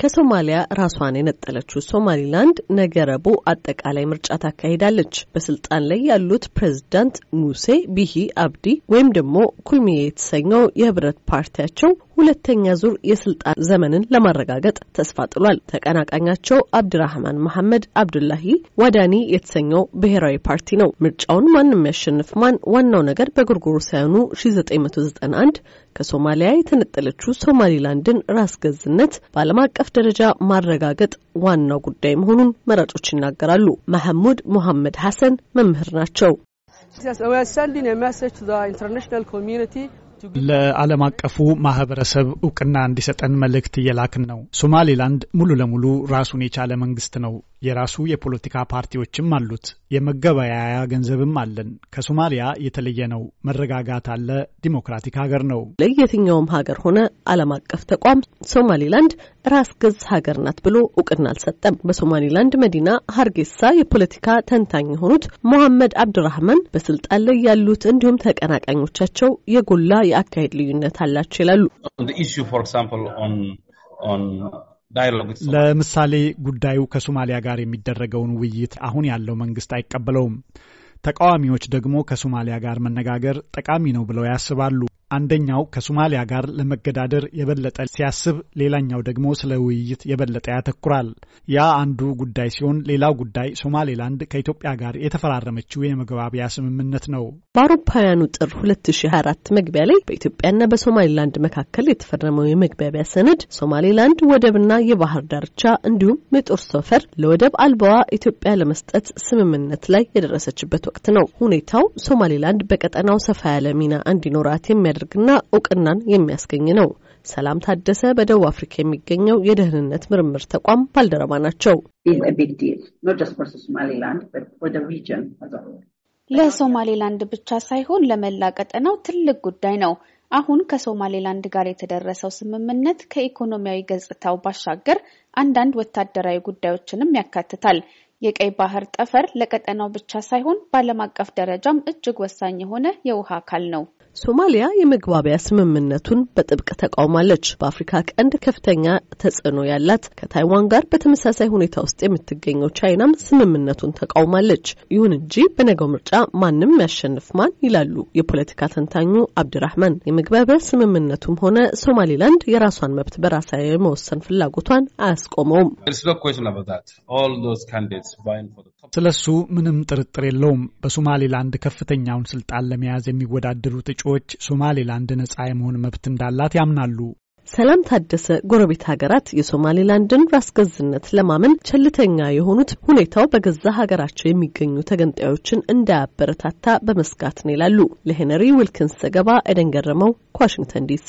ከሶማሊያ ራሷን የነጠለችው ሶማሊላንድ ነገ ረቡዕ አጠቃላይ ምርጫ ታካሂዳለች። በስልጣን ላይ ያሉት ፕሬዝዳንት ሙሴ ቢሂ አብዲ ወይም ደግሞ ኩልሚዬ የተሰኘው የህብረት ፓርቲያቸው ሁለተኛ ዙር የስልጣን ዘመንን ለማረጋገጥ ተስፋ ጥሏል። ተቀናቃኛቸው አብድራህማን መሐመድ አብዱላሂ ዋዳኒ የተሰኘው ብሔራዊ ፓርቲ ነው። ምርጫውን ማንም ያሸንፍ ማን፣ ዋናው ነገር ሳይሆኑ 1991 ከሶማሊያ የተነጠለችው ሶማሊላንድን ራስ ገዝነት በዓለም አቀፍ አቀፍ ደረጃ ማረጋገጥ ዋናው ጉዳይ መሆኑን መራጮች ይናገራሉ። መሐሙድ ሙሐመድ ሐሰን መምህር ናቸው። ለዓለም አቀፉ ማህበረሰብ እውቅና እንዲሰጠን መልእክት እየላክን ነው። ሶማሌላንድ ሙሉ ለሙሉ ራሱን የቻለ መንግስት ነው። የራሱ የፖለቲካ ፓርቲዎችም አሉት። የመገበያያ ገንዘብም አለን። ከሶማሊያ የተለየ ነው። መረጋጋት አለ። ዲሞክራቲክ ሀገር ነው። ለየትኛውም ሀገር ሆነ ዓለም አቀፍ ተቋም ሶማሊላንድ ራስ ገዝ ሀገር ናት ብሎ እውቅና አልሰጠም። በሶማሊላንድ መዲና ሀርጌሳ የፖለቲካ ተንታኝ የሆኑት ሞሐመድ አብድራህማን በስልጣን ላይ ያሉት እንዲሁም ተቀናቃኞቻቸው የጎላ የአካሄድ ልዩነት አላቸው ይላሉ። ለምሳሌ ጉዳዩ ከሶማሊያ ጋር የሚደረገውን ውይይት አሁን ያለው መንግስት አይቀበለውም። ተቃዋሚዎች ደግሞ ከሶማሊያ ጋር መነጋገር ጠቃሚ ነው ብለው ያስባሉ። አንደኛው ከሶማሊያ ጋር ለመገዳደር የበለጠ ሲያስብ፣ ሌላኛው ደግሞ ስለ ውይይት የበለጠ ያተኩራል። ያ አንዱ ጉዳይ ሲሆን፣ ሌላው ጉዳይ ሶማሌላንድ ከኢትዮጵያ ጋር የተፈራረመችው የመግባቢያ ስምምነት ነው። በአውሮፓውያኑ ጥር 2024 መግቢያ ላይ በኢትዮጵያና በሶማሌላንድ መካከል የተፈረመው የመግባቢያ ሰነድ ሶማሌላንድ ወደብና የባህር ዳርቻ እንዲሁም የጦር ሰፈር ለወደብ አልባዋ ኢትዮጵያ ለመስጠት ስምምነት ላይ የደረሰችበት ወቅት ነው። ሁኔታው ሶማሌላንድ በቀጠናው ሰፋ ያለ ሚና እንዲኖራት የሚያ የሚያደርግና እውቅናን የሚያስገኝ ነው። ሰላም ታደሰ በደቡብ አፍሪካ የሚገኘው የደህንነት ምርምር ተቋም ባልደረባ ናቸው። ለሶማሌላንድ ብቻ ሳይሆን ለመላ ቀጠናው ትልቅ ጉዳይ ነው። አሁን ከሶማሌላንድ ጋር የተደረሰው ስምምነት ከኢኮኖሚያዊ ገጽታው ባሻገር አንዳንድ ወታደራዊ ጉዳዮችንም ያካትታል። የቀይ ባህር ጠፈር ለቀጠናው ብቻ ሳይሆን በዓለም አቀፍ ደረጃም እጅግ ወሳኝ የሆነ የውሃ አካል ነው። ሶማሊያ የመግባቢያ ስምምነቱን በጥብቅ ተቃውማለች። በአፍሪካ ቀንድ ከፍተኛ ተጽዕኖ ያላት ከታይዋን ጋር በተመሳሳይ ሁኔታ ውስጥ የምትገኘው ቻይናም ስምምነቱን ተቃውማለች። ይሁን እንጂ በነገው ምርጫ ማንም ያሸንፍ ማን ይላሉ የፖለቲካ ተንታኙ አብድራህማን። የመግባቢያ ስምምነቱም ሆነ ሶማሊላንድ የራሷን መብት በራሳ የመወሰን ፍላጎቷን አያስቆመውም። ስለሱ ምንም ጥርጥር የለውም። በሶማሊላንድ ከፍተኛውን ስልጣን ለመያዝ የሚወዳደሩት እጩ እጩዎች ሶማሌላንድ ነጻ የመሆን መብት እንዳላት ያምናሉ። ሰላም ታደሰ ጎረቤት ሀገራት የሶማሌላንድን ራስ ገዝነት ለማመን ቸልተኛ የሆኑት ሁኔታው በገዛ ሀገራቸው የሚገኙ ተገንጣዮችን እንዳያበረታታ በመስጋት ነው ይላሉ። ለሄነሪ ዊልኪንስ ዘገባ ኤደን ገረመው ከዋሽንግተን ዲሲ